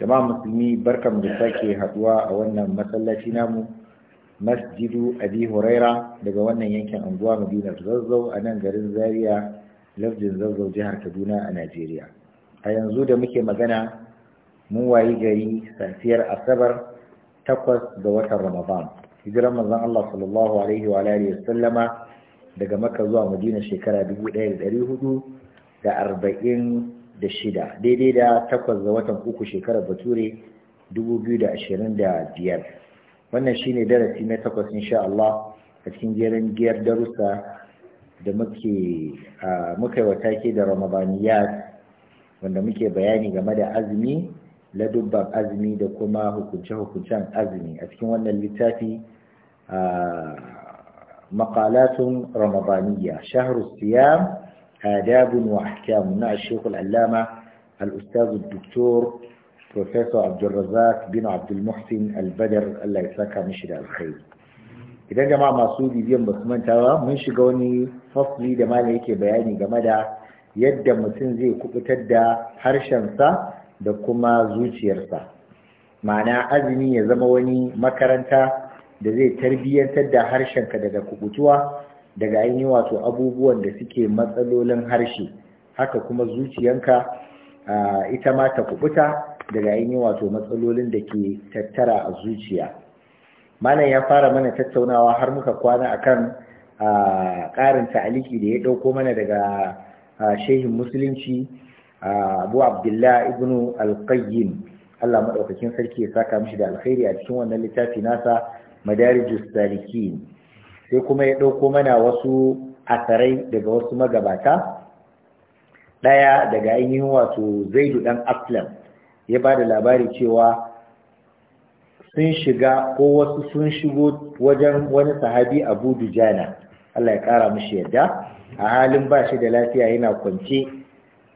jama'a musulmi barkan da sake haduwa a wannan masallaci namu masjidu abi huraira daga wannan yankin anguwa madina zazzau a nan garin zaria lardin zazzau jihar kaduna a najeriya a yanzu da muke magana mun wayi gari safiyar asabar takwas ga watan ramadan hijiran manzon allah sallallahu alaihi wa alihi Sallama, daga makka zuwa madina shekara hudu da arba'in da shida daidai da takwas ga watan uku shekarar bature da 2025 wannan shine darasi na takwas insha Allah a cikin jerin giyar darussa da muke muka yi take da ramadaniyat wanda muke bayani game da azumi ladubban azumi da kuma hukunce-hukuncen azumi a cikin wannan littafi a maqalatun ramadaniya shahru siyam آداب وأحكام مع الشيخ العلامة الأستاذ الدكتور بروفيسور عبد الرزاق بن عبد المحسن البدر الله da alkhairi idan jama'a masu bibiyan ba su manta ba mun shiga wani fasli da malam yake bayani game da yadda mutum zai kubutar da sa da kuma zuciyarsa ma'ana azumi ya zama wani makaranta da zai tarbiyyantar da harshenka daga kubutuwa daga ainihin wato abubuwan da suke matsalolin harshe haka kuma zuciyanka ita ma ta kubuta daga ainihin wato matsalolin da ke tattara a zuciya malam ya fara mana tattaunawa har muka kwana akan ƙarin ta'aliki da ya ɗauko mana daga shehin musulunci abu Ibnu ibn alqayyim Allah maɗaukakin sarki ya saka mishi da alkhairi a cikin wannan littafi nasa madarijus salikin sai kuma ya ɗauko mana wasu asarai daga wasu magabata ɗaya daga ainihin wato zaidu ɗan aslam ya ba da labari cewa sun shiga ko wasu sun shigo wajen wani sahabi abu jana. Allah ya ƙara mashi yadda a halin ba shi da lafiya yana kwance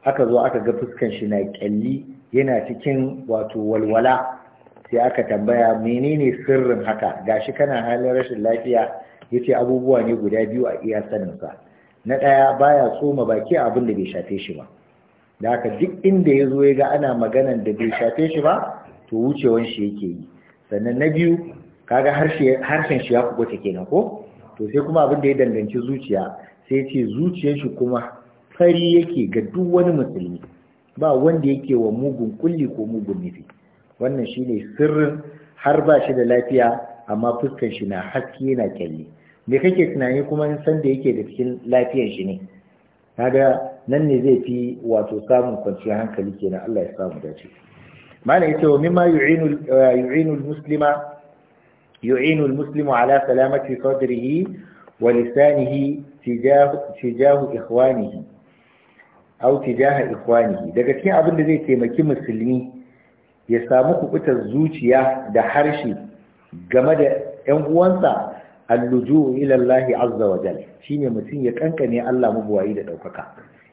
aka zo aka ga fuskan shi na ƙyalli yana cikin wato walwala sai aka tambaya menene sirrin haka gashi kana halin rashin lafiya ya ce abubuwa ne guda biyu a iya saninsa na ɗaya baya tsoma baki abin da bai shafe shi ba da haka duk inda ya zo ya ga ana maganan da bai shafe shi ba to wucewan shi yake yi sannan na biyu kaga harshen shi ya ta kenan ko to sai kuma abin da ya danganci zuciya sai ce zuciyar shi kuma fari yake ga duk wani musulmi ba wanda yake wa mugun kulli ko mugun nufi wannan shine sirrin har ba shi da lafiya amma fuskan shi na haske na kyalle me kake tunani kuma san da yake da cikin lafiyar shi ne kaga nan ne zai fi wato samun kwanciyar hankali kenan Allah ya samu dace mana yace wa mimma yu'inu eh, yu'inu yu'inu ala salamati sadrihi wa lisanihi tijahu tijahu ikhwanihi aw tijaha ikhwanihi daga cikin abin da zai taimaki musulmi ya samu kubutar zuciya da harshe game da 'yan uwansa allujo ilallahi azza wa jal shi mutum ya kankane Allah mabuwayi da ɗaukaka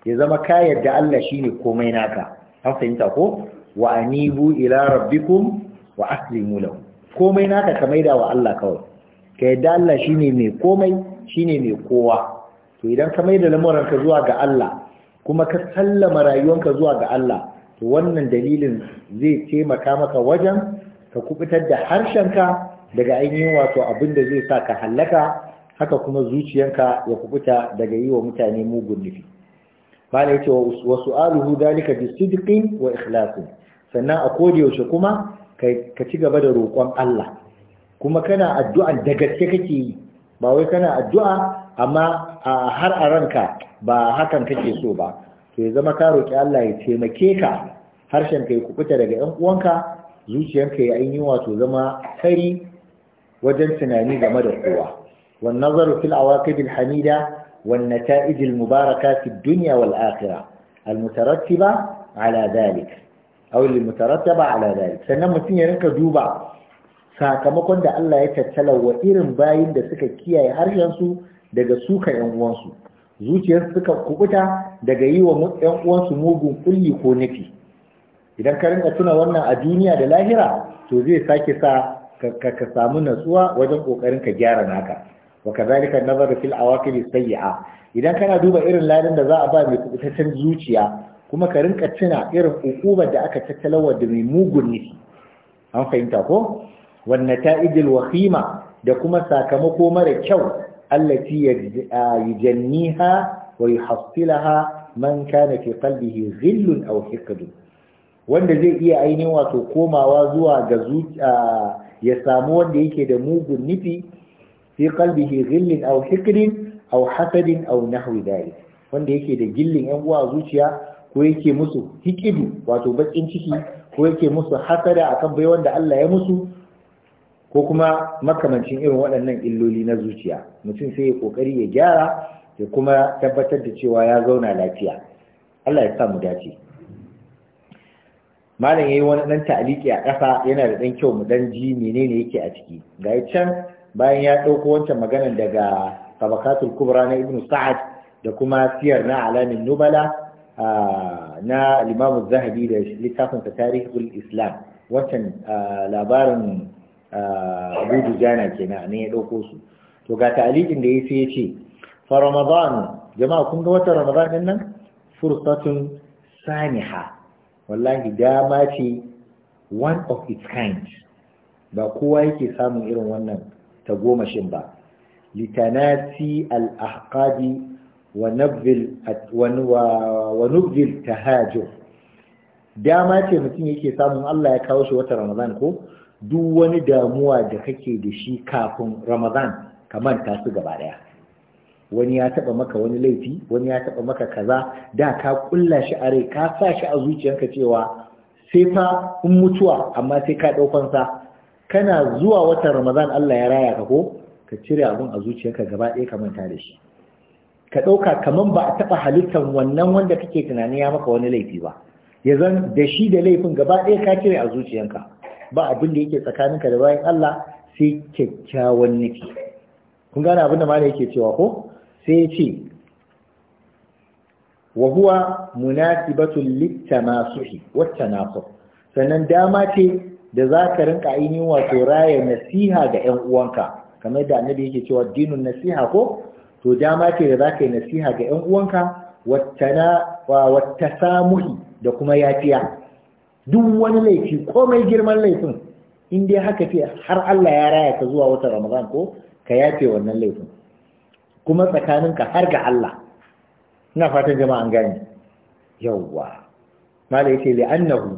ya zama ka yadda Allah shi ne komai naka an fahimta ko wa rabbikum wa aslimu lahu komai naka ka wa Allah kawai ka yadda Allah shi mai komai shi mai kowa to idan ka maida lamuranka zuwa ga Allah kuma ka sallama rayuwanka zuwa ga Allah to wannan dalilin zai taimaka maka wajen ka kubutar da harshenka daga ainihin wato abin da zai sa ka hallaka haka kuma zuciyanka ya kubuta daga yi wa mutane mugun nufi bala yace wa su'aluhu dalika bi sidqin wa ikhlasin sannan a kodi yaushe kuma ka ci gaba da roƙon Allah kuma kana addu'a da gaske kake yi ba wai kana addu'a amma a har a ranka ba hakan kake so ba to ya zama ka roƙi Allah ya taimake ka harshen ka ya kubuta daga 'yan uwanka zuciyanka ya ainihin wato zama kari wajen tunani game da kowa wan nazaru fil awaqib al hamida wan nata'ij mubaraka fi dunya wal akhirah al mutarattiba ala dhalik sannan mutum ya rinka duba sakamakon da Allah ya tattala wa irin bayin da suka kiyaye harshen su daga suka yan uwansu zuciyar suka kubuta daga yi wa yan uwansu mugun kulli ko nufi idan ka rinka tuna wannan a duniya da lahira to zai sake sa ka samu natsuwa wajen kokarin ka gyara naka wa kazalika nazar fil awaqib sayyi'a idan kana duba irin ladan da za a ba mai kubutaccen zuciya kuma ka rinka tuna irin hukumar da aka tattalawa da mai mugun nufi an fahimta ko wan nata'ijil wakhima da kuma sakamako mara kyau allati yujanniha wa yuhassilaha man kana fi qalbihi ghillun aw hiqd wanda zai iya ainihin wato komawa zuwa ga ya samu wanda yake da mugun nufi fi qalbihi ghillin aw hikrin aw hasadin aw nahwi dhalik wanda yake da gillin yan uwa zuciya ko yake musu hikidu wato bakin ciki ko yake musu hasada akan bai wanda Allah ya musu ko kuma makamancin irin waɗannan illoli na zuciya mutum sai ya kokari ya gyara ya kuma tabbatar da cewa ya zauna lafiya Allah ya sa mu dace malam yayi wani dan ta'aliki a ƙasa yana da dan kyau mu dan ji menene yake a ciki ga can bayan ya dauko wancan magana daga tabakatul kubra na ibnu sa'ad da kuma siyar na alamin nubala na limamu zahabi da littafin sa tarihul islam wancan labarin abu dujana kenan ne ya dauko su to ga ta'alikin da yayi sai ya ce fa ramadan jama'a kun ga watan ramadan din nan fursatun saniha wallahi dama ce one of its kind ba kowa yake samun irin wannan tagomashin ba litanasi al-ahqadi wa nubzil dama ce mutum yake samun Allah ya kawo shi wata Ramadan ko duk wani damuwa da kake da shi kafin Ramadan kamar manta su gaba daya wani ya taba maka wani laifi wani ya taba maka kaza da ka kulla shi a rai ka sa shi a zuciyarka cewa sai fa in mutuwa amma sai ka daukan sa kana zuwa watan Ramadan Allah ya raya ka ko ka cire abun a zuciyarka gaba ɗaya ka manta da shi ka dauka kaman ba a taba halittar wannan wanda kake tunani ya maka wani laifi ba ya zan da shi da laifin gaba ɗaya ka cire a zuciyarka ba abin da yake tsakaninka da bayan Allah sai kyakkyawan nufi kun gane abin da malai yake cewa ko sai ya ce wa huwa munasibatul littamasuhi wattanasub sannan dama ce da za ka rinka ainihin wato raya nasiha ga 'yan uwanka kamar da annabi yake cewa dinun nasiha ko to dama ce da za ka yi nasiha ga 'yan uwanka wata samuhi da kuma yafiya duk wani laifi komai girman laifin in dai haka ce har Allah ya raya ka zuwa wata ramadan ko ka yafe wannan laifin kuma tsakanin ka har ga Allah ina fatan jama'a an gane yawwa yake yace annahu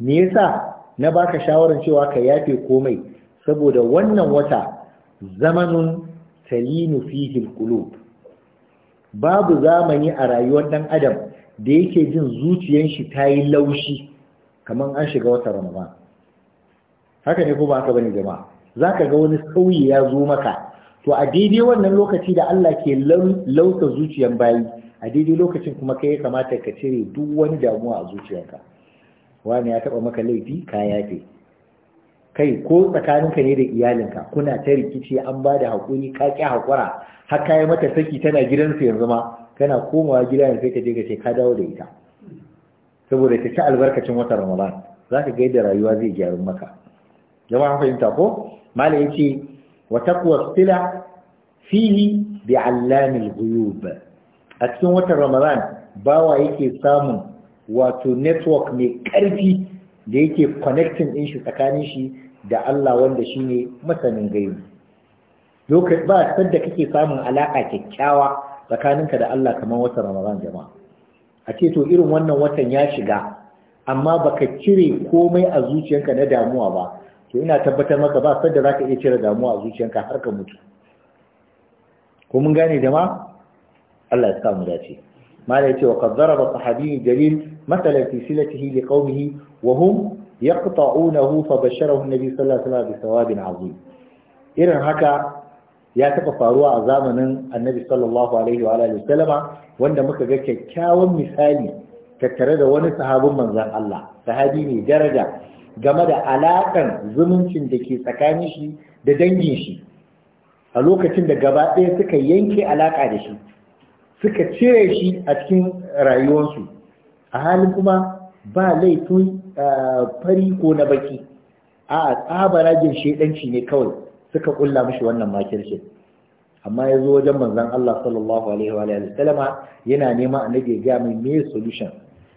me yasa na baka shawaran cewa ka yafe komai saboda wannan wata zamanun talinu fihi alqulub babu zamani a rayuwar dan adam da yake jin zuciyar shi ta yi laushi kaman an shiga wata ramadan haka ne ko ba haka bane jama'a zaka ga wani sauyi ya zo maka to a daidai wannan lokaci da Allah ke lausa zuciyan bayi a daidai lokacin kuma kai kamata ka cire duk wani damuwa a zuciyarka wani ya taba maka laifi ka yafe kai ko tsakaninka ne da iyalinka kuna ta rikici an ba da haƙuri ka ƙi haƙura har ka yi mata saki tana gidansu yanzu ma kana komawa gida yanzu sai ka je ka ce ka dawo da ita saboda ta ci albarkacin wata ramadan za ka ga yadda rayuwa zai gyaru maka jama'a fahimta ko malam ya ce wa taqwa sila fihi bi allamil ghuyub a cikin watan ramadan bawa yake samun wato network mai karfi da yake connecting ɗin shi tsakanin shi da Allah wanda shine masanin gaibi lokacin ba sanda kake samun alaƙa kyakkyawa tsakaninka da Allah kamar watan ramadan jama'a a ce to irin wannan watan ya shiga amma baka cire komai a zuciyarka na damuwa ba to ina tabbatar maka ba sadda zaka iya cire damuwa a zuciyanka har ka mutu ko mun gane da ma. Allah ya sa mu dace malai ce wa qad daraba sahabi jalil mathalan fi silatihi li qaumihi wa hum yaqta'unahu fa basharahu an-nabi sallallahu alaihi wasallam bi thawabin 'azim irin haka ya taɓa faruwa a zamanin annabi sallallahu alaihi wa alihi sallama wanda muka ga kyakkyawan misali tattare da wani sahabin manzon Allah sahabi ne daraja game da alaƙar zumuncin da ke tsakanin shi da dangin shi a lokacin da gaba ɗaya suka yanke alaƙa da shi suka cire shi a cikin rayuwarsu a halin kuma ba laifin fari ko na baki a tsabarajin shaidanci ne kawai suka ƙulla mashi wannan makircin amma ya zo wajen manzan Allah sallallahu alaihi wa sallama yana nema a ya gami mai solution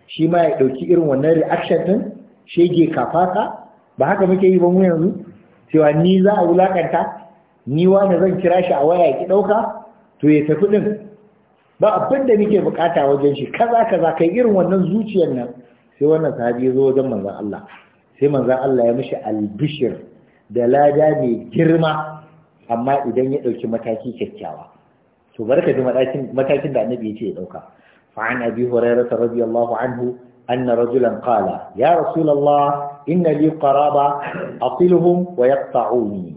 shi ma ya ɗauki irin wannan reaction din shege kafaka ba haka muke yi ba mu yanzu cewa ni za a wulakanta ni wani zan kira shi a waya ki ɗauka to ya tafi ɗin ba abin da nake bukata wajen shi kaza kaza kai irin wannan zuciyar nan sai wannan sahabi zo wajen manzan Allah sai manzon Allah ya mishi albishir da lada mai girma amma idan ya ɗauki mataki kyakkyawa to barka da matakin da annabi ya ce ya ɗauka fa'an abi hurairah radiyallahu anhu anna rajulan qala ya rasulallah inna li qaraba asiluhum wa yaqta'uni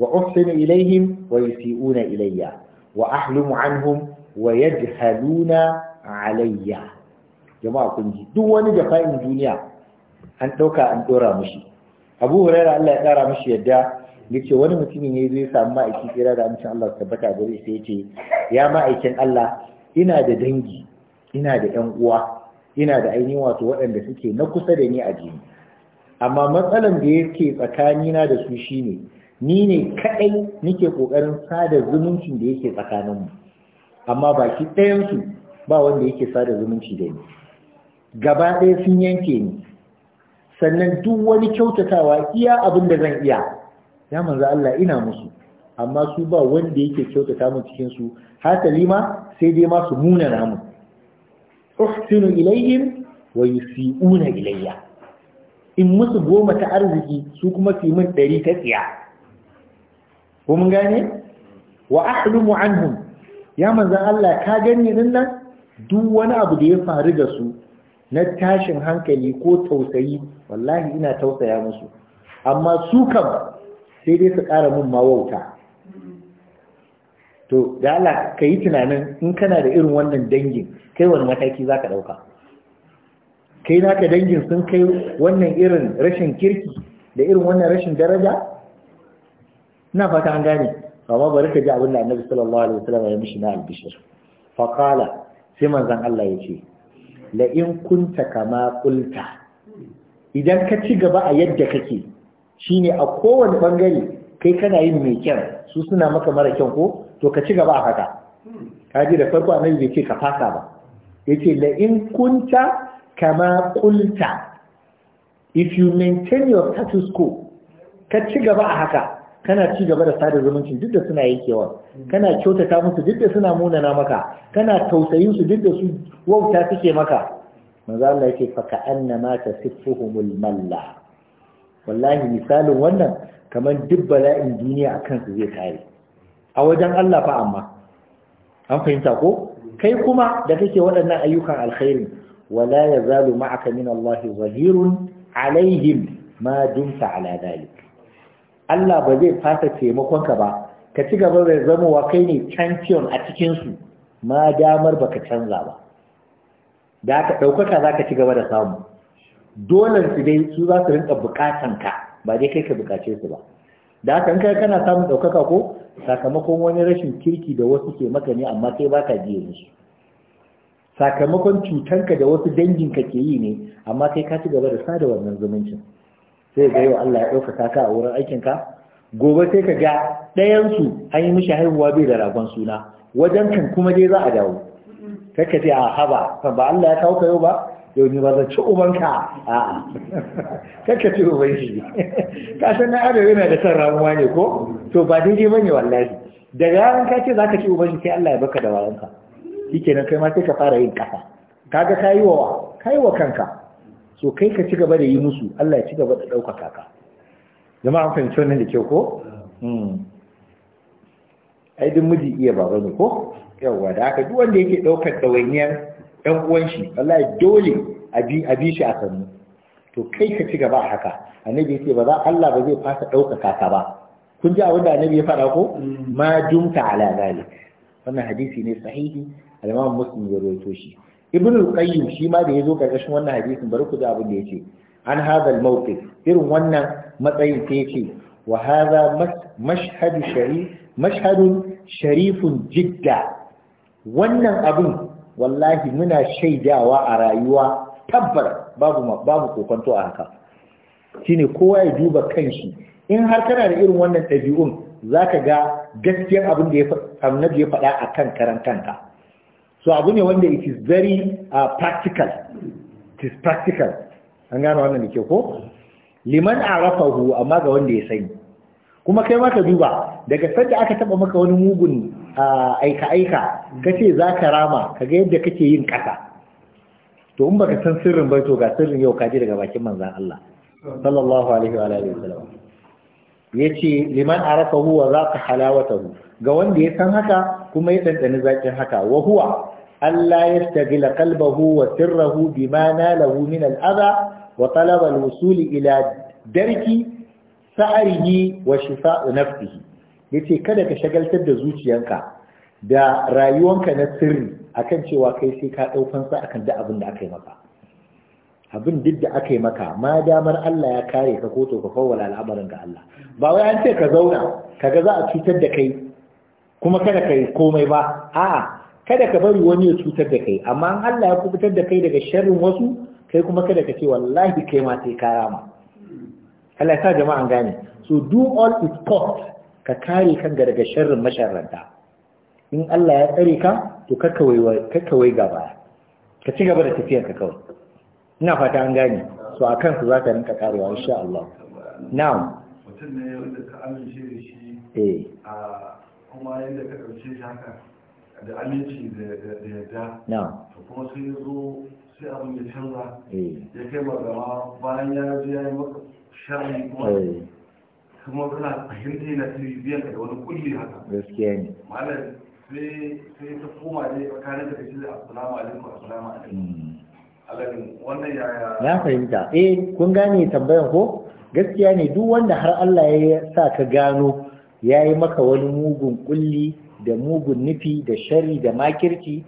wa uhsinu ilaihim wa yusi'una ilayya wa ahlumu anhum wa yajhaluna alayya jama'a kun ji duk wani jafa'in duniya an ɗauka an ɗora mashi. Abu Hurairah Allah ya kara mishi yadda yace wani mutumin ya zo ya samu ma'aikin tsira da amincin Allah tabbata gare sai yace ya ma'aikin Allah ina da dangi ina da ƴan uwa ina da ainihin wato waɗanda suke na kusa da ni a jini amma matsalan da yake tsakanina da su shine ni ne kaɗai nake ƙoƙarin sada zumuncin da yake tsakaninmu amma baki ɗayansu ba wanda yake sada zumunci da ni gaba ɗaya sun yanke ni sannan duk wani kyautatawa iya abin da zan iya ya manza Allah ina musu amma su ba wanda yake kyautata mu cikin su hasali ma sai dai ma su muna namu uhsinu ilayhim wa yusi'una ilayya in musu goma ta arziki su kuma su min ɗari ta tsiya ko mun gane wa ahlumu anhum ya manzan Allah ka gani din nan duk wani abu da ya faru da su na tashin hankali ko tausayi wallahi ina tausaya musu amma su kam sai dai su ƙara mun mawauta to da Allah ka yi tunanin in kana da irin wannan dangin kai wani mataki za ka ɗauka kai na naka dangin sun kai wannan irin rashin kirki da irin wannan rashin daraja ina fata an gane amma bari ka ji abin da annabi sallallahu alaihi wasallam ya mishi na albishir fa qala sai manzan Allah ya ce la in kunta kama qulta idan ka ci gaba a yadda kake shine a kowane bangare kai kana yin mai kyau su suna maka mara kyau ko to ka ci gaba a haka kaji da farko annabi bai ce ka fasa ba yace la in kunta kama qulta if you maintain your status quo ka ci gaba a haka kana ci gaba da sada zumunci duk da suna yankewa kana kyautata musu duk da suna munana maka kana tausayin su duk da su wauta suke maka manzo Allah yake fa ka annama tasifuhumul malla wallahi misalin wannan kamar duk bala'in duniya akan su zai kare a wajen Allah fa amma an fahimta ko kai kuma da kake waɗannan ayyukan alkhairi wala yazalu ma'aka min Allah zahirun alaihim ma dumta ala dalik Allah ba zai fasa taimakon ka ba ka ci gaba da zama wa kai ne champion a cikin su ma damar baka canza ba da ka daukaka zaka ci gaba da samu dole su dai su za su rinka bukatan ka ba dai kai ka bukace su ba da haka kai kana samun daukaka ko sakamakon wani rashin kirki da wasu ke maka ne amma kai baka biye musu sakamakon cutanka da wasu dangin ka ke yi ne amma kai ka ci gaba da sada wannan zumuncin sai ga yau Allah ya ɗaukaka ka a wurin aikin ka gobe sai ka ga ɗayansu an yi mishi haihuwa bai da ragon suna wajen kan kuma dai za a dawo kai ka ce a haba ba Allah ya kawo ka yau ba yau ni ba ci ubanka a kakka ci uban shi ka san na adam yana da san ramuwa ne ko to ba daidai ba ne wallahi daga yaran ka ce za ka ci uban shi sai Allah ya baka da wayanka shi kenan kai ma sai ka fara yin kasa kaga ka yi wa ka yi wa kanka so kai ka ci gaba da yi musu Allah ya ci gaba da ɗaukaka ka jama'a an fahimci wannan da kyau ko hmm. ai duk miji iya baba ne ko yawwa da haka duk wanda yake ɗaukar ɗawainiyar ɗan uwan shi wallahi dole a bi shi a sannu to kai ka ci gaba a haka annabi yace ba za Allah ba zai fasa ɗaukaka ka ba kun ji abin da annabi ya faɗa ko mm. ma dumta ala zalik wannan hadisi ne sahihi al-Imam Muslim ya rawaito shi Ibn al-Qayyim shi ma da yazo karkashin wannan hadisin Bar ku ji abin da yace an hadha al-mawqif irin wannan matsayin ta yace wa hadha mashhadu sharif mashhadun sharifun jidda wannan abin wallahi muna shaidawa a rayuwa tabbar babu babu kokonto a haka shine kowa ya duba kanshi in har kana da irin wannan ɗabi'un zaka ga gaskiyar abin da ya annabi ya faɗa akan karantanka. so abu ne wanda it is very uh, practical it is practical an gano wannan da ko liman arafahu amma ga wanda ya sani kuma kai ma ka duba daga sanda aka taba maka wani mugun aika-aika ka ce za ka rama ka ga yadda kake yin ƙasa to in baka san sirrin bai to ga sirrin yau kaji daga bakin manzan Allah sallallahu alaihi wa alihi wasallam yace liman arafahu wa zaqa halawatahu ga wanda ya san haka kuma ya dandani zakin haka wa huwa alla la qalbahu wa sirrahu bima nalahu min al-adha wa talaba al-wusul ila darki sa'rihi wa shifa'u nafsihi ce kada ka shagaltar da zuciyanka da rayuwanka na sirri akan cewa kai sai ka sa fansa kan da abin da aka yi maka abin duk da aka yi maka ma damar Allah ya kare ka ko to ka fawwala al'amarin ga Allah ba wai an ce ka zauna kaga za a cutar da kai kuma kada ka yi komai ba a'a kada ka bari wani ya cutar da kai amma an Allah ya kubutar da kai daga sharrin wasu kai kuma kada ka ce wallahi kai ma sai ka rama Allah ya sa jama'an gane so do all is cost ka kare kanka daga sharrin masharranta in Allah ya tsare ka to kakkawai gaba ka ci gaba da tafiyar ka kawai ina fata an gane so a kansu za ka rinka karewa insha Allah na'am mutum ne wanda ka amince da shi eh kuma yadda ka dauke shi haka da aminci da yadda na'am to kuma sai ya zo sai abin ya canza eh. ya kai magama bayan ya ji ya yi maka sharri kuma eh. kuma kana fahimta yana tarbiyyar da wani kulli haka gaskiya ne malam sai sai ta koma dai tsakanin da kace assalamu alaikum assalamu alaikum hmm. alamin wannan yaya na fahimta eh kun gane tambayar ko gaskiya ne duk wanda har Allah ya sa ka gano yi maka wani mugun kulli da mugun nufi da shari da makirci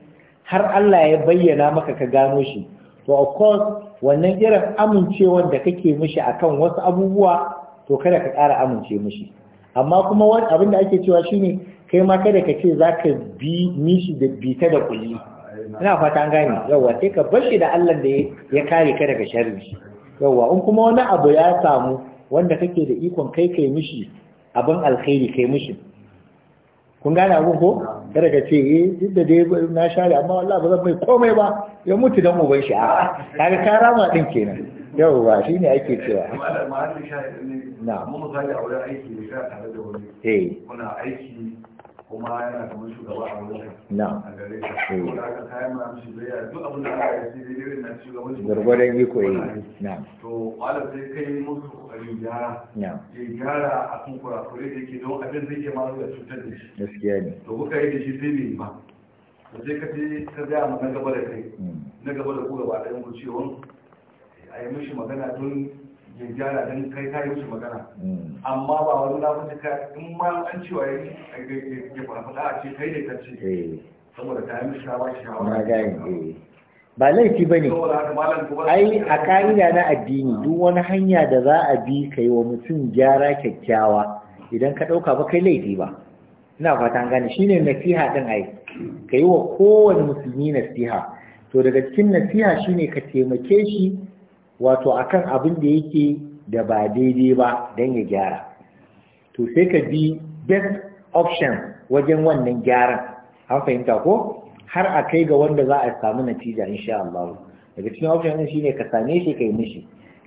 har Allah ya bayyana maka ka gano shi to of course wannan irin amincewar da kake mishi akan wasu abubuwa to kada ka ƙara amince mishi amma kuma wani abin da ake cewa shine kai ma kada ka ce za ka bi mishi da bita da kulli ina fata an gane yawa sai ka bar shi da Allah da ya kare ka daga sharri yawa in kuma wani abu ya samu wanda kake da ikon kai kai mishi abin alkhairi kai mishi kun gane abin ko kada ka ce eh duk da dai na share amma wallahi ba zan mai komai ba ya mutu dan uban shi a kaga ka rama din kenan yau ba ne ake cewa na mu aure aiki ne ka tare da wani eh kuna aiki kuma yana kamar shugaba a wurin na a gare shi eh. ko da aka kayan ma mishi biyayya duk abin da aka yi sai dai na shugaban shi gurgurdan iko yi na to wala sai kai musu kokari gyara ya gyara a kan kurakure da yake don abin zai ke ma da cutar da shi gaskiya ne to kuka yi da shi sai bai ba to sai ka je ka ga mu na gaba da kai hmm. na gaba da ku gaba da yan wucewan a yi mishi magana don ya hmm. ba ce ba laifi ba ne ai a ka'ida na addini duk wani hanya da za a bi ka yi wa mutum gyara kyakkyawa idan ka ɗauka ba kai laifi ba ina fatan gane shine nasiha ɗin ai ka yi wa kowane musulmi nasiha to daga cikin nasiha shine ka taimake shi wato akan abin da yake da ba daidai ba don ya gyara to sai ka bi best option wajen wannan gyaran an fahimta ko har a kai ga wanda za a samu natija insha Allah daga cikin option din shine ka same shi kai mishi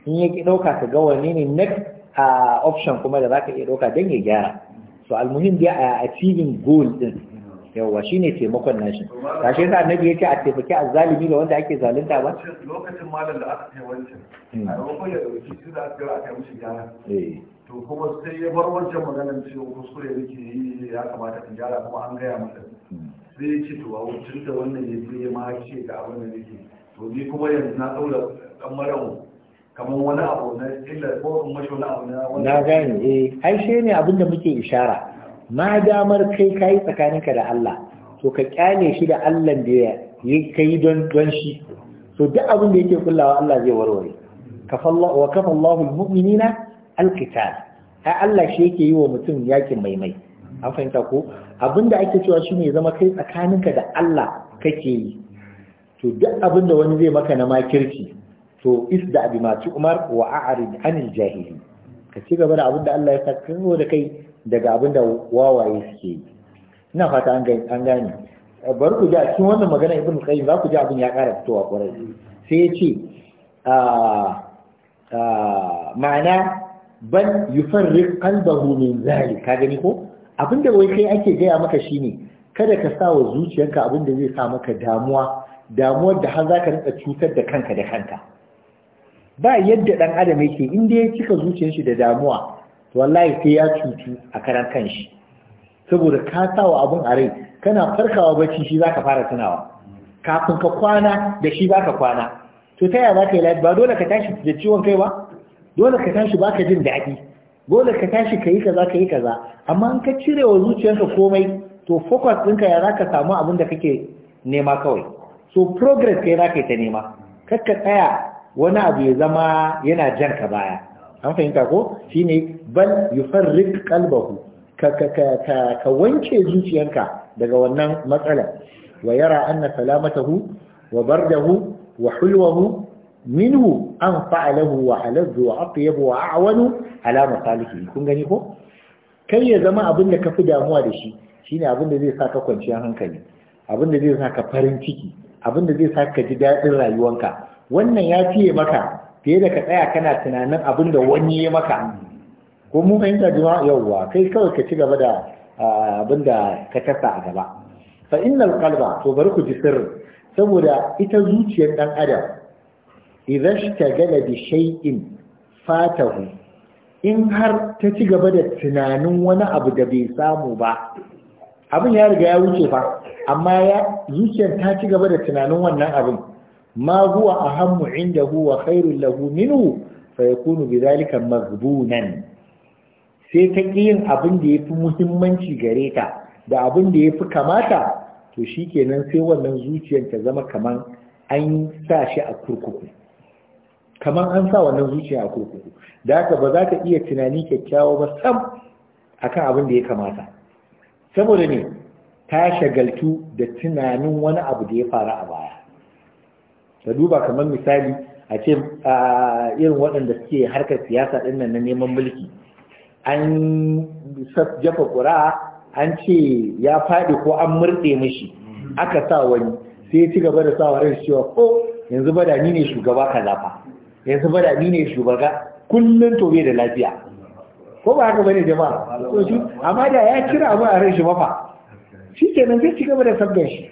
in yake ɗauka dauka ka ga wani ne next option kuma da zaka iya ɗauka, don ya gyara so almuhim dai a achieving goal din yawwa shine taimakon nashi ba shi yasa annabi ce a taimaki azzalimi da wanda ake zalunta ba lokacin malam da aka kai wancan hmm. a lokacin da dauki shi da aka aka mishi gyara eh. to kuma sai ya bar wancan maganar cewa kuskure yake yi ya kamata in gyara kuma an gaya masa hmm. sai ya ce to a wucin da wannan ya je ma ce ga abin da yake to ni kuma yanzu na daura dan marawo kamar wani abu na illa ko in mashi wani abu na na gani. eh ai shi ne abin da muke ishara ma damar kai kayi tsakaninka da Allah to ka kyale shi da Allah da ya kai don don shi so duk abin da yake kullawa Allah zai warware kafallahu wa kafallahu almu'minina alqital ai Allah shi yake yi wa mutum yakin maimai an fahimta ko abinda ake cewa shine zama kai tsakaninka da Allah kake yi to duk abinda wani zai maka na makirci to isda bi ma umar wa a'rid anil jahili ka ci gaba da abin da Allah ya saka da kai daga abin da wawaye suke yi ina fata an gane bar ku ji a cikin wannan magana ibn qayyim za ku ji abin ya ƙara fitowa kwarai sai ya ce ah, ah, ma'ana ban farri qalbahu min zalik ka gani ko abin da wai kai ake gaya maka shine kada ka sa wa zuciyarka abin da zai sa maka damuwa damuwar da har za ka rinka cutar da kanka da kanka ba yadda dan adam yake in dai ya cika zuciyar shi da damuwa wallahi sai ya cutu a karan kanshi saboda ka sawa abun a rai kana farkawa bacci shi zaka fara tunawa kafin ka kwana da shi zaka kwana to ta yaya zaka yi lafiya ba dole ka tashi da ciwon kai ba dole ka tashi baka jin daɗi dole ka tashi ka yi kaza ka yi kaza amma in ka cire wa zuciyarka komai to focus ɗinka ya zaka samu abin da kake nema kawai so progress kai zaka yi ta nema kakka tsaya wani abu ya zama yana jan ka baya an fahimta ko shine bal yufarrik kalbahu ka ka ka ka wanke zuciyanka daga wannan matsalar! wa yara anna salamatahu wa bardahu wa hulwahu minhu an fa'alahu wa halazzu wa atyabu wa a'wanu ala masalihi kun gani ko kai ya zama abin da fi damuwa da shi shine abin da zai saka kwanciyar hankali abin da zai saka farin ciki abin da zai ka ji dadin rayuwanka wannan ya fiye maka fiye da ka tsaya kana tunanin abin da wani ya maka ko mun fahimta jima'a yawwa kai kawai ka ci gaba da abin da ka tasa a gaba fa innal qalba to bari ku ji sirri saboda ita zuciyar ɗan adam idan ta shtagala bi shay'in fatahu in har ta ci gaba da tunanin wani abu da bai samu ba abin ya riga ya wuce fa amma ya zuciyar ta ci gaba da tunanin wannan abin ma huwa ahammu indahu wa khairul lahu minhu fa yakunu sai ta yin abin da yafi muhimmanci gare ta da abin da yafi kamata to shi kenan sai wannan zuciyar ta zama kamar an sa shi a kurkuku an sa wannan zuciya a kurkuku da haka ba za ka iya tunani kyakkyawa ba sam akan abin da ya kamata saboda ne ta shagaltu da tunanin wani abu da ya faru a baya ka duba kamar misali a ce irin waɗanda suke harkar siyasa ɗin nan na neman mulki an jafa ƙura an ce ya faɗi ko an murɗe mishi aka sa wani sai ya ci gaba da sa wani cewa ko oh, yanzu bada ni ne shugaba ka zafa yanzu bada ni ne shugaba kullum tobe da lafiya ko ba haka bane jama'a ko shi amma da ya kira abu a rashi shi mafa shi kenan zai ci gaba da sabgar shi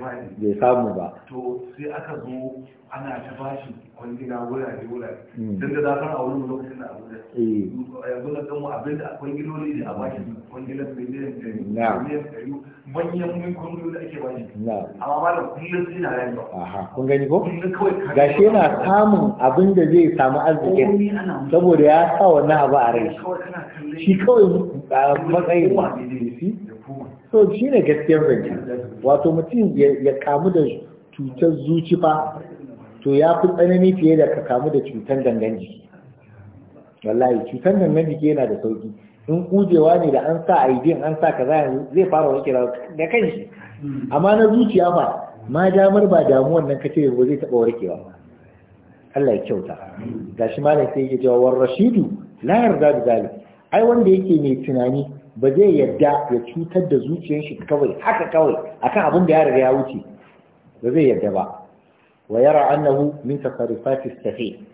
bai samu ba to sai aka zo ana ta bashi kwangila wurare wurare hmm. don da za a wani lokacin da abu da yanzu eh. na kanmu abin da kwangiloli da a bashi kwangilan hmm. miliyan ɗari miliyan ɗari manyan mun kwangiloli ake bashi amma ba da kullum sai na ba. aha kun gani ko shi yana samun abin da zai samu arzikin saboda ya sa wannan abu a rai shi kawai matsayin so shi ne gaskiyar zance wato mutum ya kamu da cutar zuci fa to ya fi tsanani fiye da ka kamu da cutar gangan jiki wallahi cutar gangan jiki yana da sauki in kujewa ne da an sa a yi an sa ka yanzu zai fara wake da shi amma na zuciya fa ma damar ba damuwan nan kace ba zai taba warkewa ba Allah ya kyauta gashi malam sai yake cewa rashidu la yarda da zalik ai wanda yake mai tunani ba zai yadda ya cutar da zuciyar shi kawai haka kawai akan abin da ya riga ya wuce ba zai yadda ba wa yara annahu min tasarrufati safi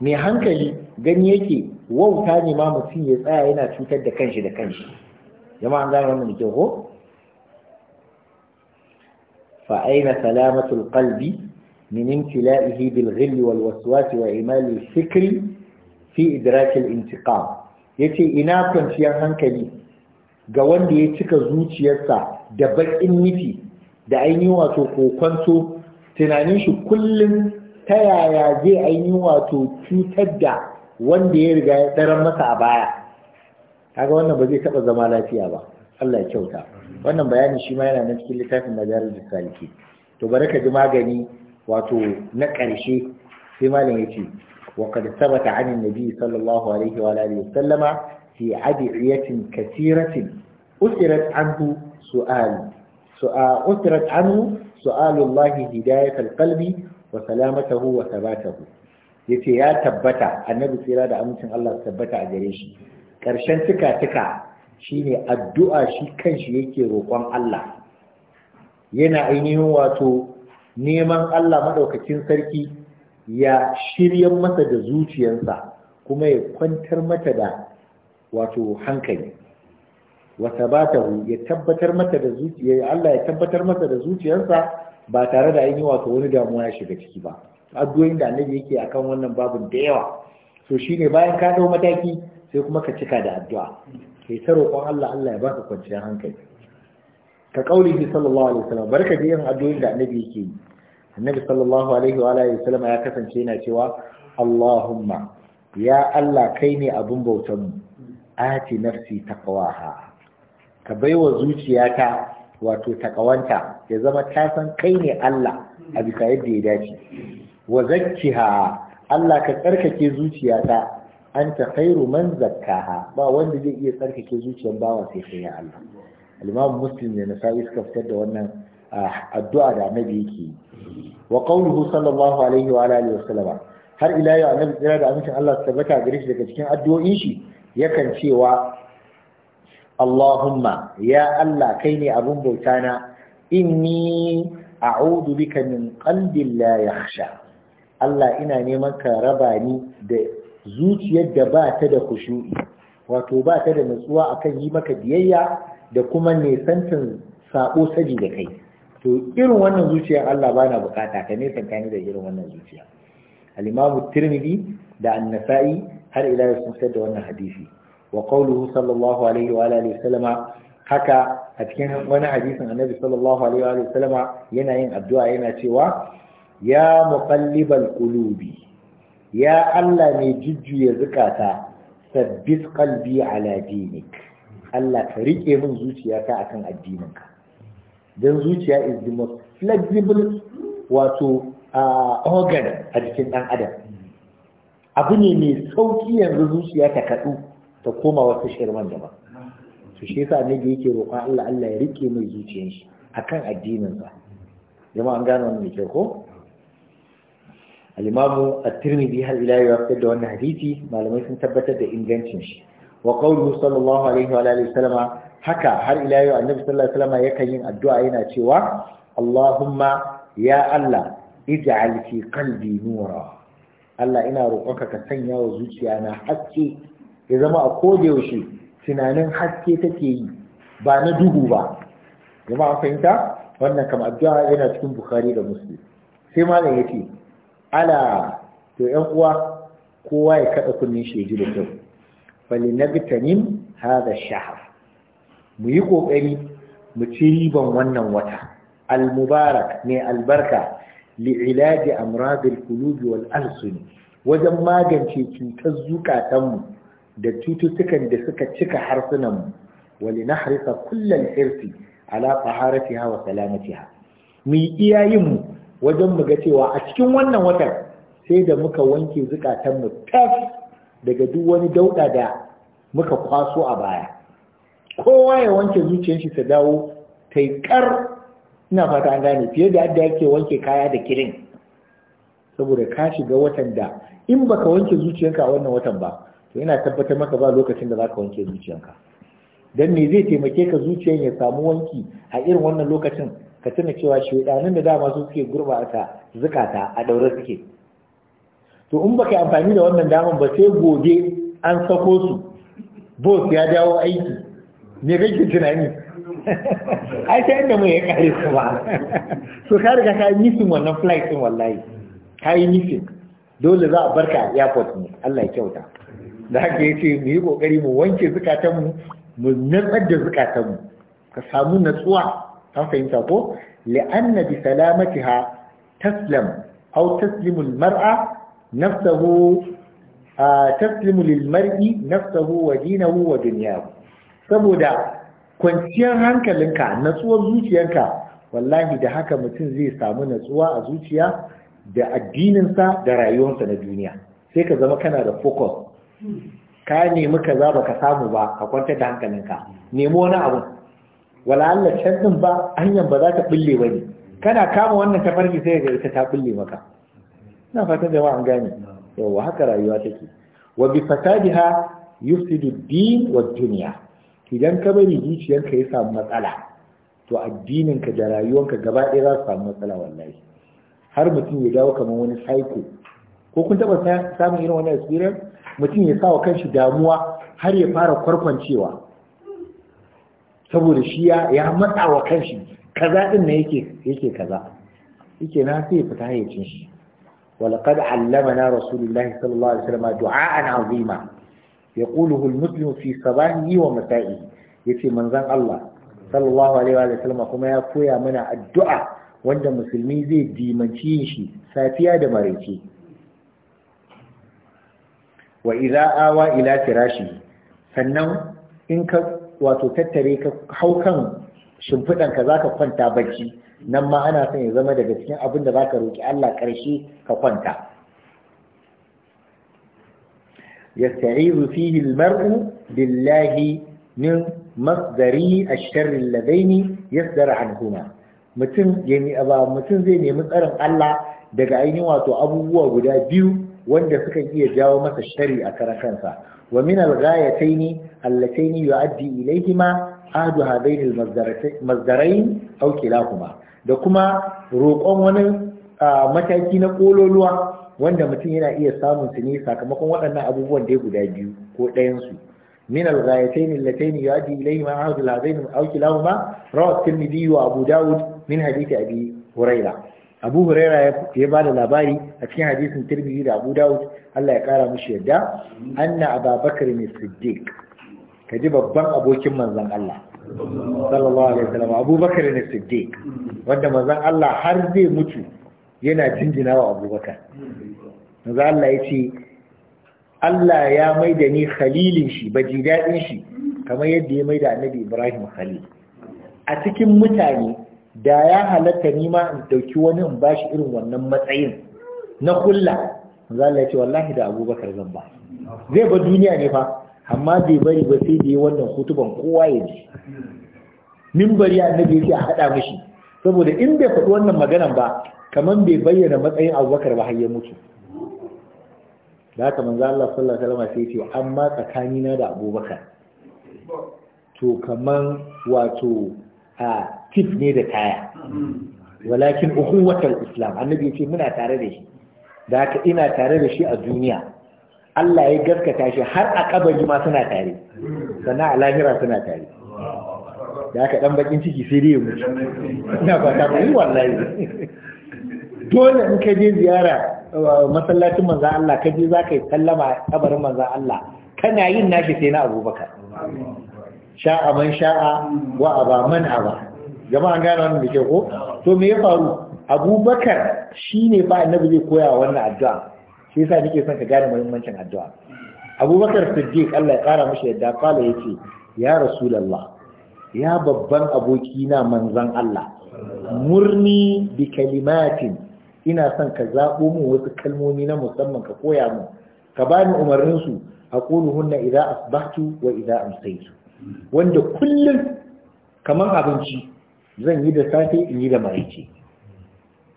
mai hankali gani yake wauta ne ma mutum ya tsaya yana cutar da kanshi da kanshi jama'a an gane wannan kyau ko fa aina salamatul qalbi min imtila'ihi bil ghilli wal waswas wa imali fikri fi idrak al intiqam yace ina kwanciyar hankali ga wanda ya cika zuciyarsa da baƙin nufi da ainihin wato kokonto tunanin shi kullum ta yaya zai ainihin wato cutar da wanda ya riga ya tsaron masa a baya kaga wannan ba zai taɓa zama lafiya ba Allah ya kyauta wannan bayanin shi ma yana na cikin littafin majalar da saliki to bari ka ji magani wato na ƙarshe sai malam ya ce wa qad sabata an nabi sallallahu alaihi wa alihi sallama في عدعية كثيرة أثرت عنه سؤال hida عنه سؤال الله هداية القلب وسلامته وثباته yace ya tabbata annabi tsira da amincin Allah tabbata a gare shi karshen tuka tuka shine addu'a shi kanshi yake roƙon Allah yana ainihin wato neman Allah madaukakin sarki ya shiryan masa da zuciyarsa kuma ya kwantar mata da wato hankali wa sabatahu ya tabbatar mata da zuciya Allah ya tabbatar masa da zuciyarsa ba tare da ainihi wato wani damuwa ya shiga ciki ba addu'o'in da annabi yake akan wannan babun da yawa so shine bayan ka dau mataki sai kuma ka cika da addu'a kai ta roƙon Allah Allah ya baka kwanciyar hankali ka kauli kaulihi sallallahu alaihi wasallam barka da yin addu'o'in da annabi yake yi annabi sallallahu alaihi wa alihi wasallam ya kasance yana cewa Allahumma ya Allah kai ne abun bautar mu ati nafsi taqwaha ka baiwa zuciyata wato takawanta ya zama ta san kai ne Allah a bisa yadda ya dace wa zakkiha Allah ka tsarkake zuciyata anta khairu man zakkaha ba wanda zai iya tsarkake zuciyar bawa sai sai ya Allah al-Imam Muslim ne nasa'i suka fitar da wannan ah, addu'a da Annabi yake wa qawluhu sallallahu alaihi wa alihi wa sallama har ila yau Annabi da amincin Allah tabbata gare shi daga cikin addu'o'in shi yakan cewa Allahumma ya Allah kai ne abin bauta na inni a'udu bika min qalbin la yakhsha Allah ina neman ka raba ni da zuciyar da ba ta da kushu'i wato ba ta da nutsuwa akan yi maka biyayya da kuma nesantan saƙo saji da kai to irin wannan zuciyar Allah bana bukata ka ne ka ni da irin wannan zuciya al-Imam Tirmidhi da An-Nasa'i har ila ya sun fitar da wannan hadisi wa qawluhu sallallahu alaihi wa alihi haka a cikin wani hadisin annabi sallallahu alaihi wa alihi yana yin addu'a yana cewa ya muqallibal qulubi ya Allah mai jujjuya zukata sabbit qalbi ala dinik Allah ka rike min zuciyata akan addininka dan zuciya is the most flexible wato ah, organ a jikin dan adam abu ne mai sauki yanzu zuciya ta kaɗu ta koma wasu shirman daban Su shi yasa ne da yake roƙon Allah Allah ya rike mai zuciyar shi akan addinin sa jama'a an gano wannan ke ko al-imamu at-tirmidhi har ila yau da wannan hadisi malamai sun tabbatar da ingancin shi wa qawluhu sallallahu alaihi wa alihi haka har ila yau annabi sallallahu alaihi wasallama yakan yin addu'a yana cewa Allahumma ya Allah ij'al fi qalbi nura Allah ina roƙonka ka sanya wa zuciya na haske ya zama a yaushe tunanin haske take yi ba na duhu ba jama'a fahimta wannan kamar addu'a yana cikin bukhari da muslim sai malam yace ala to yan uwa kowa ya kada kunnin shi ji da kyau bali nagtanim hada shahar mu yi kokari mu ci riban wannan wata al mubarak ne albarka li'ilaji amradil qulubi wal alsun wajen magance cutar zukatanmu da cututtukan da suka cika harsunanmu wali nahrisa kullal hirsi ala taharatiha wa salamatiha mu iya wajen muga cewa a cikin wannan watan sai da muka wanke zukatanmu tas daga duk wani dauda da muka kwaso a baya kowa ya wanke zuciyar shi ta dawo taikar ina fata an gane fiye da yadda yake wanke kaya da kirin saboda ka shiga watan da in baka wanke zuciyanka a wannan watan ba to ina tabbatar maka ba lokacin da za ka wanke zuciyanka Don me zai taimake ka zuciyan ya samu wanki a irin wannan lokacin ka tuna cewa shaidanin da dama su suke gurbata zukata a daure suke to in baka amfani da wannan daman ba sai gobe an sako su boss ya dawo aiki me kake tunani ai sai inda mai ya kare su ba so ka riga ka yi missing wannan flight din wallahi ka yi missing dole za a barka a airport ne Allah ya kyauta da haka ya ce mu yi kokari mu wanke zukatanmu mu nantsar da zukatanmu ka samu natsuwa ka fahimta ko li'anna bi salamatiha taslam aw taslimu al-mar'a nafsuhu taslimu lil mar'i nafsuhu wa dinahu wa dunyahu saboda kwanciyar hankalinka natsuwar zuciyarka wallahi da haka mutum zai samu natsuwa a zuciya da addininsa da rayuwarsa na duniya sai ka zama kana da focus ka nemi za baka samu ba ka kwantar da hankalinka nemi wani abu wala Allah ba hanyar ba za ta bulle ne. kana kama wannan tafarki sai ga ita ta bulle maka ina fatan jama'a an gane yawa haka rayuwa take wa bi fasadiha yufsidu din wa duniya? idan ka bari zuciyanka ya samu matsala to addininka da rayuwarka gaba ɗaya za su samu matsala wallahi har mutum ya dawo kamar wani psycho ko kun taɓa samun irin wani experience mutum ya sa wa kanshi damuwa har ya fara kwarkwancewa saboda shi ya matsa wa kanshi kaza ɗin ne yake kaza yake na sai fita hayyacin shi walaqad allamana rasulullahi sallallahu alaihi wasallam du'a'an azima ya kuluhu almuslimu fi sabahihi wa masa'ihi yace manzon Allah sallallahu alaihi wa sallam kuma ya koya mana addu'a wanda musulmi zai dimanci shi safiya da maraice wa idza awa ila tirashi sannan in ka wato tattare ka haukan shimfidan ka zaka kwanta bacci nan ma ana son ya zama daga cikin abin da za ka roki Allah ƙarshe ka kwanta yasta'izu fihi al-mar'u billahi min masdari ash-sharr alladaini yasdar anhuma mutum mutum zai nemi tsarin Allah daga ainihin wato abubuwa guda biyu wanda suka iya jawo masa shari a karan kansa wa min al-ghayataini allataini yu'addi ilayhima adu hadaini al-mazdarain aw kilahuma da kuma roƙon wani mataki na kololuwa wanda mutum yana iya samun su ne sakamakon waɗannan abubuwan da guda biyu ko ɗayan su min al-ghayatayn allatayn yadi ilayhima ahadu al-hadayn aw kilahuma rawa at-tirmidhi wa abu daud min hadith abi hurayra abu huraira ya ba da labari a cikin hadisin tirmidhi da abu daud Allah ya kara mushi yadda anna ababakar ne siddiq kaji babban abokin manzon Allah sallallahu alaihi wasallam abubakar ne siddiq wanda manzon Allah har zai mutu yana jinjina wa abubakar za Allah ya ce Allah ya mai da ni khalilin shi ba daɗin shi kamar yadda ya mai da annabi ibrahim khalil a cikin mutane da ya halatta nima in dauki wani in bashi irin wannan matsayin na kulla za Allah ya ce wallahi da abubakar zan ba zai ba duniya ne fa amma bai bari ba sai da yi wannan hutuban kowa ya ji bari annabi ya ce a haɗa mishi saboda in bai faɗi wannan maganan ba kaman bai bayyana matsayin abubakar ba hayyar mutu da haka manzo Allah sallallahu alaihi wasallam sai ya ce amma tsakanina da abubakar to kaman wato a tif ne da taya walakin ukhuwatul islam annabi ya ce muna tare da shi da haka ina tare da shi a duniya Allah ya gaskata shi har a kabari ma suna tare sannan a lahira suna tare da haka dan bakin ciki sai dai ya mutu ina ba ta yi wallahi dole in ka je ziyara uh, masallacin manzan Allah ka je za ka yi sallama kabarin manzan Allah kana yin nashi sai na abubakar sha'a man sha'a wa aba man aba jama'a gane wannan da ke ko to me ya faru abubakar shine ba annabi zai koya wannan addu'a shi yasa nake son ka gane muhimmancin addu'a abubakar siddiq Allah ya kara mishi yadda kala yace ya rasulullah ya babban aboki na Allah murni bi kalimatin ina son ka zaɓo min wasu kalmomi na musamman ka koya min ka bani umarnin su aquluhunna idza asbahtu wa idza amsaytu wanda kullum kamar abinci zan yi da safe in yi da maraice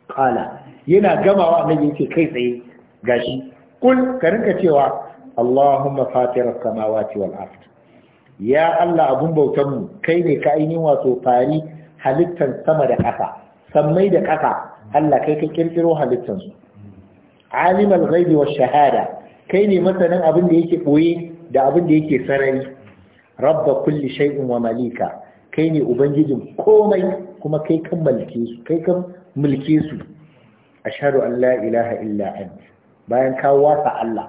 qala yana gamawa na yake kai tsaye gashi kul ka rinka cewa Allahumma fatiras samawati wal ard ya Allah abun bautar mu kai ne ka ainihin wato fari halittar sama da ƙasa sammai da ƙasa Allah kai ka kirkiro halittansu, su alimul ghaibi shahada kai ne masanin abin da yake ɓoye da abin da yake sarari rabba kulli shay'in wa malika kai ne ubangijin komai kuma kai kan mulke su kai kan mulke su ilaha illa bayan ka wasa Allah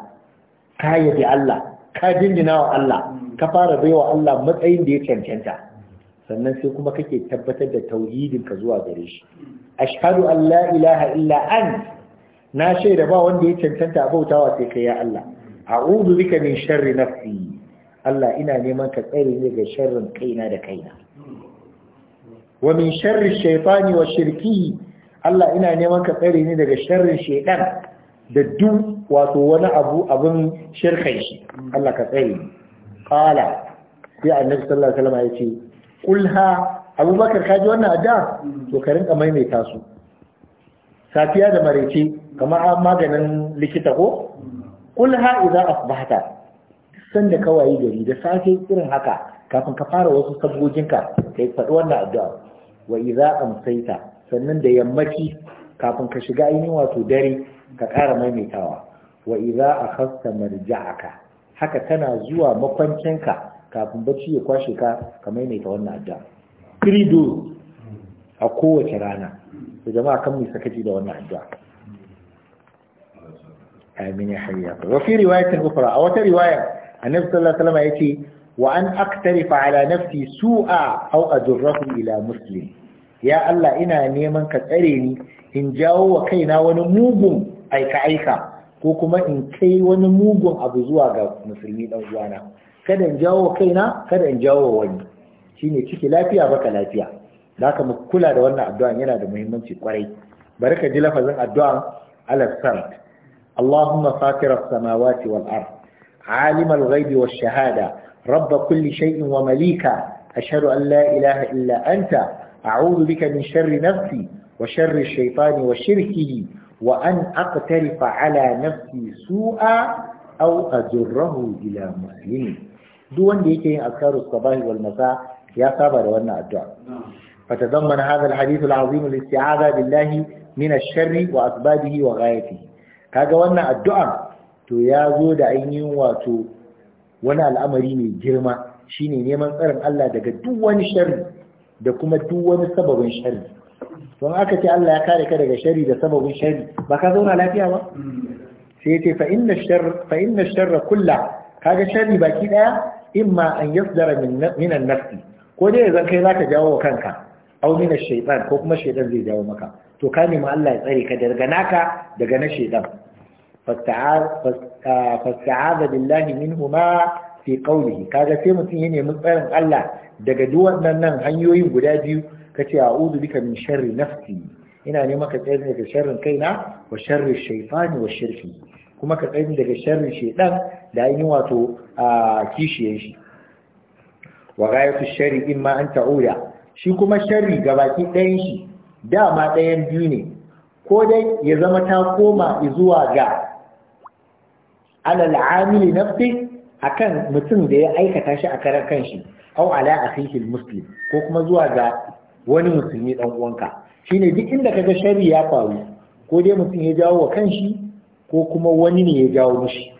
ka yabi Allah ka jinjina wa Allah ka fara baiwa Allah matsayin da ya cancanta sannan sai kuma kake tabbatar da tauhidin ka zuwa gare shi ashhadu an la ilaha illa ant na shaida ba wanda ya cancanta abautawa sai kai ya Allah a'udhu bika min sharri nafsi Allah ina neman ka tsare ne ga sharrin kaina da kaina wa min sharri shaytani wa shirki Allah ina neman ka tsare ne daga sharrin shaytan da duk wato wani abu abin shirkai shi Allah ka tsare qala sai annabi sallallahu alaihi wasallam ya ce Ƙulha, abubakar kaji wannan adda mm-hmm. to ka rinka maimaita su safiya da maraice kamar maganin likita ko Ƙulha, mm-hmm. idza asbahta sanda kawai gari da safe irin haka kafin ka fara wasu sabgoginka yi faɗi wannan addu'a wa idza amsaita sannan da yammaci kafin ka shiga ainihin wato dare ka ƙara maimaitawa wa idza akhasta marja'aka haka tana zuwa makwancinka kafin bacci ya kwashe ka ka maimaita wannan addu'a kirido a kowace rana da jama'a kan mai sakaci da wannan addu'a amin ya hayya wa fi riwayatin ukhra a wata riwaya annabi sallallahu alaihi wasallam yace wa an aktarifa ala nafsi su'a aw ajurrahu ila muslim ya Allah ina neman ka tsare ni in jawo wa kaina wani mugun aika aika ko kuma in kai wani mugun abu zuwa ga musulmi dan uwana kada in jawo kaina kada in jawo wani shine ciki lafiya baka lafiya da haka mu kula da wannan addu'an yana da muhimmanci kwarai bari ka ji lafazin addu'an ala Allahumma fatira samawati wal ard alim al-ghaibi wash-shahada Rabba kulli shay'in wa malika ashhadu an la ilaha illa anta a'udhu bika min sharri nafsi wa sharri ash-shaytani wa shirkihi wa an aqtarifa ala nafsi su'a aw ajurrahu ila muslimin duk wanda yake yin azkarus sabahi wal masa ya saba da wannan addu'a فتضمن هذا الحديث العظيم الاستعاذة بالله من الشر وأسبابه وغايته kaga wannan addu'a to ya zo da ainihin wato wani al'amari mai girma shine neman tsarin Allah daga duk wani sharri da kuma duk wani sababin sharri don aka ce Allah ya kare ka daga sharri da sababin sharri ba ka zauna lafiya ba mm. sai yace fa inna sharra fa inna sharra kullu kaga sharri baki daya imma an yasdara min an-nafsi ko dai zan kai zaka jawo wa kanka aw min shaytan ko kuma shaytan zai jawo maka to ka nemi Allah ya tsare ka daga naka daga na shaytan fasta'aza billahi minhuma fi qawlihi kaga sai mutum ya nemi tsarin Allah daga duk waɗannan hanyoyin guda biyu kace a'udhu bika min sharri nafsi ina neman ka tsare daga sharrin kaina wa sharri shaytani wa shirki kuma ka tsare daga sharrin shaytan da ainihin wato a kishiye shi wa gayatu shari in ma an ta'uya shi kuma sharri gabaki ɗayan shi dama ɗayan biyu ne ko dai ya zama ta koma zuwa ga alal amili nafsi akan mutum da ya aikata shi a karan kanshi au ala akhihi muslim ko kuma zuwa ga wani musulmi dan uwanka shine duk inda kaga sharri ya faru ko dai mutum ya jawo wa kanshi ko kuma wani ne ya jawo mishi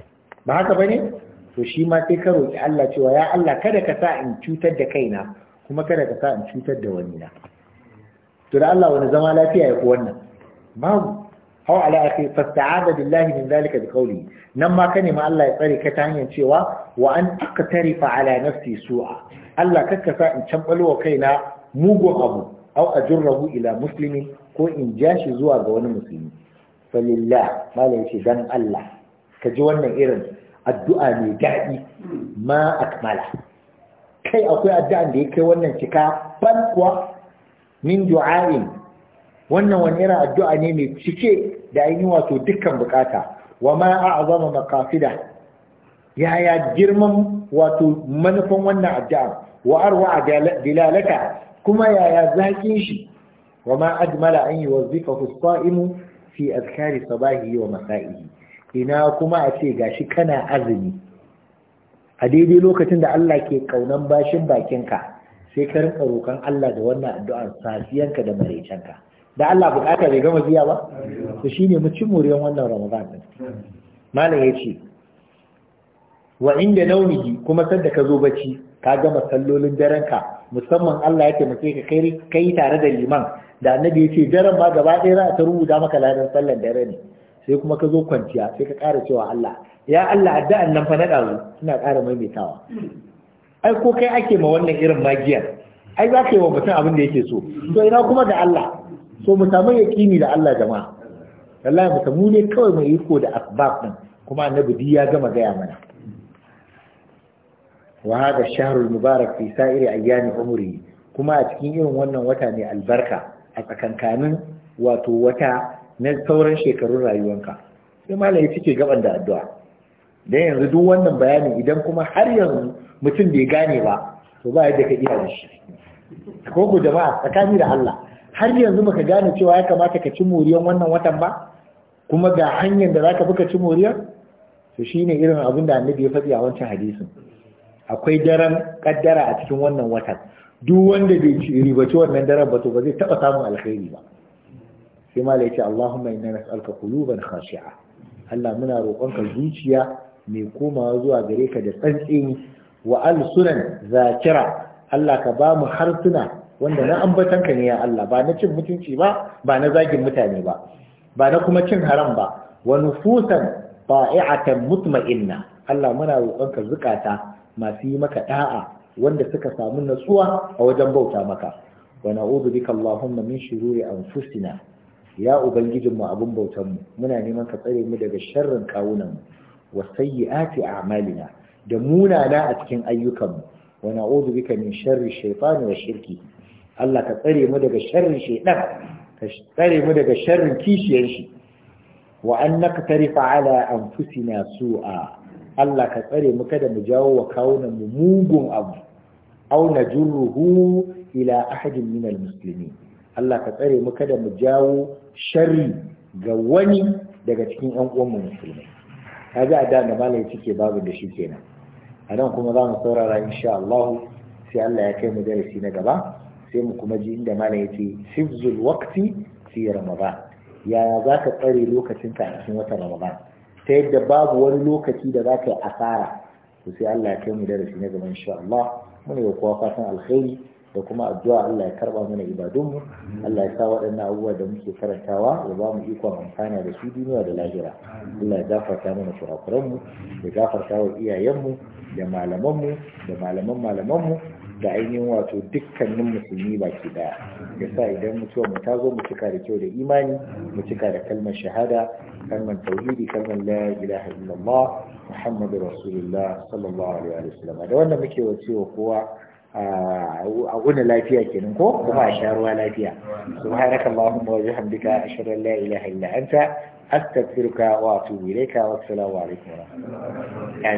ba haka bane to shi ma sai ka roki Allah cewa ya Allah kada ka sa in cutar da kaina kuma kada ka sa in cutar da wani na to da Allah wani zama lafiya ya ku wannan babu hau ala akhi fasta'ada billahi min zalika bi qawli nan ma kane ma Allah ya tsare ka ta hanyar cewa wa an aqtarifa ala nafsi su'a Allah sa in cambalwa kaina mugun abu au ajurrahu ila muslimin ko in ja shi zuwa ga wani musulmi falillah malai ce dan Allah ka ji wannan irin addu'a mai daɗi ma kamala kai akwai addu'an da ya kai wannan cika ban min du'a'in wannan wani irin addu'a ne mai cike da ainihin wato dukkan bukata wa ma a'zama maqasida yaya girman wato manufan wannan addu'a wa arwa dilalaka kuma yaya zaƙin shi wa ma ajmala an yi wazifa fuskwa imu fi azkari sabahi wa masa'ihi ina kuma a ce gashi kana azumi a daidai lokacin da Allah ke kaunan bashin bakinka sai ka rinka roƙon Allah da wannan addu'ar safiyanka da maraicanka da Allah bukata bai gama biya ba to shine mu ci muriyan wannan Ramadan malam yace wa inda naumihi kuma sanda ka zo bacci ka gama sallolin daren ka musamman Allah yake mace ka kai kai tare da liman da annabi yace daren ma gaba ɗaya za ta rubuta maka ladan sallan dare ne sai kuma ka zo kwanciya sai ka ƙara cewa Allah ya Allah addu'an nan fa na ɗazu ina ƙara maimaitawa ai ko kai ake ma wannan irin magiyar ai za ka yi wa mutum abin da yake so to ina kuma da Allah so mu samu yaƙini da Allah jama'a wallahi mu samu ne kawai mu iko da asbab din kuma annabi di ya gama gaya mana wa hada shahrul mubarak fi sa'iri ayyami umri kuma a cikin irin wannan wata ne albarka a tsakankanin wato wata na sauran shekarun rayuwanka sai malami ya cike gaban da addu'a dan yanzu duk wannan bayani idan kuma har yanzu mutum bai gane ba to ba yadda ka iya da shi ko ku jama'a tsakani da Allah har yanzu baka gane cewa ya kamata ka ci moriyan wannan watan ba kuma ga hanyar da zaka ka ci moriyan to shine irin abin da annabi ya faɗi a wancan hadisin akwai daren kaddara a cikin wannan watan duk wanda bai riba ci wannan daren ba to ba zai taɓa samun alkhairi ba sai ma da Allahumma inna nas'aluka quluban khashi'a Allah muna roƙonka zuciya mai komawa zuwa gare ka da tsantseni wa alsunan zakira Allah ka ba mu harsuna wanda na ambatanka ne ya Allah ba na cin mutunci ba ba na zagin mutane ba ba na kuma cin haram ba wa nufusan ta'i'atan mutma'inna Allah muna roƙonka zukata masu yi maka da'a wanda suka samu natsuwa a wajen bauta maka wa na'udhu bika Allahumma min shururi anfusina ya ubangijinmu abin bautanmu muna neman ka tsare mu daga sharrin kawunanmu wa sayyi'ati a'malina da munana a cikin ayyukanmu wa na'udhu bika min sharri shaytani wa shirki Allah ka tsare mu daga sharrin shaytan ka tsare mu daga sharrin kishiyar shi wa annaka tarifa ala anfusina su'a Allah ka tsare mu kada mu jawo wa kawunanmu mugun abu aw najurruhu ila ahadin minal musulmi. Allah ka tsare mu kada mu jawo sharri ga wani daga cikin ƴan uwanmu musulmai kaga a da da malai cike babu da shi kenan a nan kuma za mu saurara insha Allah sai Allah ya kai mu darasi na gaba sai mu kuma ji inda malai yace hifzul waqti fi ramadan yaya za ka tsare lokacinka a cikin watan ramadan ta yadda babu wani lokaci da za ka yi asara to sai Allah ya kai mu darasi na gaba insha Allah muna yi kowa fatan alkhairi da kuma addu'a Allah ya karba mana ibadunmu Allah ya sa waɗannan abubuwa da muke karantawa ya ba mu ikon amfana da su duniya da lahira Allah ya gafarta mana kurakuranmu ya gafarta wa iyayenmu da malamanmu da malaman malamanmu da ainihin wato dukkanin musulmi baki daya ya sa idan mutuwa mu ta zo mu cika da kyau da imani mu cika da kalmar shahada kalmar tauhidi kalmar la ilaha illallah muhammadu rasulullah sallallahu alaihi wa sallam da wanda muke wa kowa a wuni lafiya kenan ko kuma a sha ruwa lafiya subhanaka allahumma wa bihamdika ashhadu an la ilaha illa anta astaghfiruka wa atubu ilayka wa assalamu alaikum wa rahmatullahi